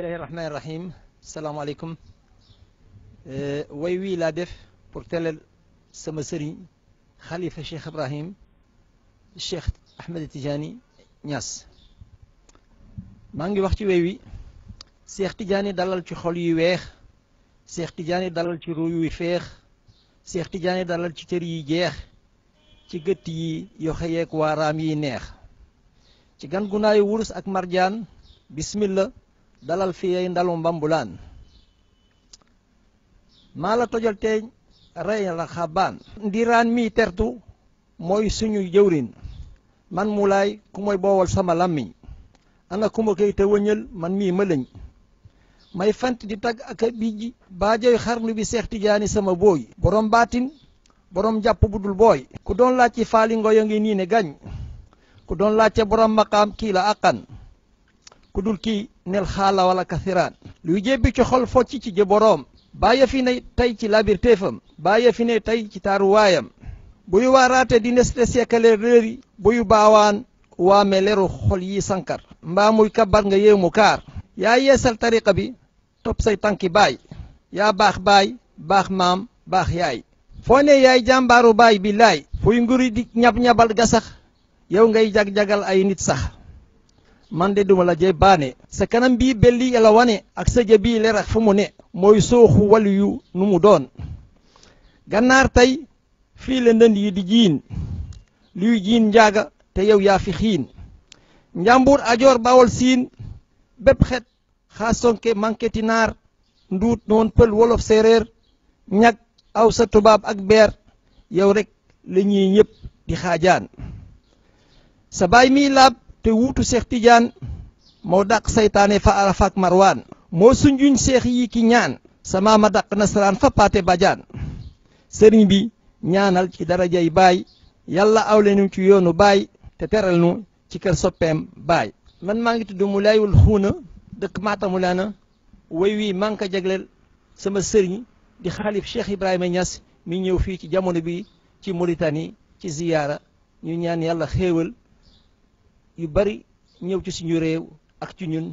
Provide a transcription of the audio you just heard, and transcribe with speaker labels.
Speaker 1: bismillahi rahmaani rahim salaamaaleykum eh, way wii laa def pour teelal sama sëriñ xalifa Cheikh Ibrahim Cheikh Ahmed Tidiane ñas maa ngi wax ci way wi Cheikh Tidiane dalal ci xol yu weex Cheikh Tidiane dalal ci ruu yu feex Cheikh Tidiane dalal ci cër yi jeex ci gëtt yi yoxeyeeg waaraam yi neex ci gan gunaayu wurus ak marjaan bismillah dalal fii ndalu mbambulaan maa la tojal teeñ rey la xabaan ndiraan mi tertu mooy suñu jëwrin man mulaay ku mooy boowal sama làmmiñ ana kuma koy te wëññal man mii mëlëñ may fant di tagg ak a bijji xarnu bi seex tijaani sama booy borom baatin borom jàpp bu dul booy ku doon laaj ci faali ngoy a ngi gañ ku doon laaj ca borom maqaam kii la àqan ku dul kii nel xaala wala kasiraan luy jébbi ci xol focc ci ji boroom bàyyi fi ne tey ci labir téefam bàyyi fi ne tey ci taaruwaayam buy waaraate di neste sekkale réer yi buy baawaan waame leru xol yi sankar mbaa muy kabar nga yéemu kaar yaa yeesal tariqa bi topp say tànki baay yaa baax baay baax maam baax yaay foo ne yaay jàmbaaru baay bi laay fuy nguri di ñab-ñabal ga sax yow ngay jag-jagal ay nit sax man de duma la je baane sa kanam bii belli la wane ak sa jë bii fu mu ne mooy sooxu waliyu nu mu doon gannaar tey fii la ndënd yi di jiin luy jiin njaaga te yow yaa fi xiin njàmbur ajoor bawol siin bépp xet xaasonke manketi naar nduut noon pël wolof séeréer ñag aw sa tubaab ak beer yow rekk lañuy ñuy ñëpp di xaajaan sa baay mi laab te wuutu seex tijaan moo daq seytaane fa arafa marwaan moo sunjuñ seex yi ki ñaan sama ma dàq nasaraan fa paate bajaan sëriñ bi ñaanal ci darajay baay yàlla aw nu ci yoonu baay te teral nu ci kër soppeem baay man maa ngi tudd mu laayul xuuna dëkk maatamulaana woy wii maa ngi ko jagleel sama sëriñ di xaalif Cheikh Ibrahima ñas mi ñëw fii ci jamono bi ci Mauritanie ci ziyaara ñu ñaan yàlla xéewal yu bari ñëw ci suñu réew ak ci ñun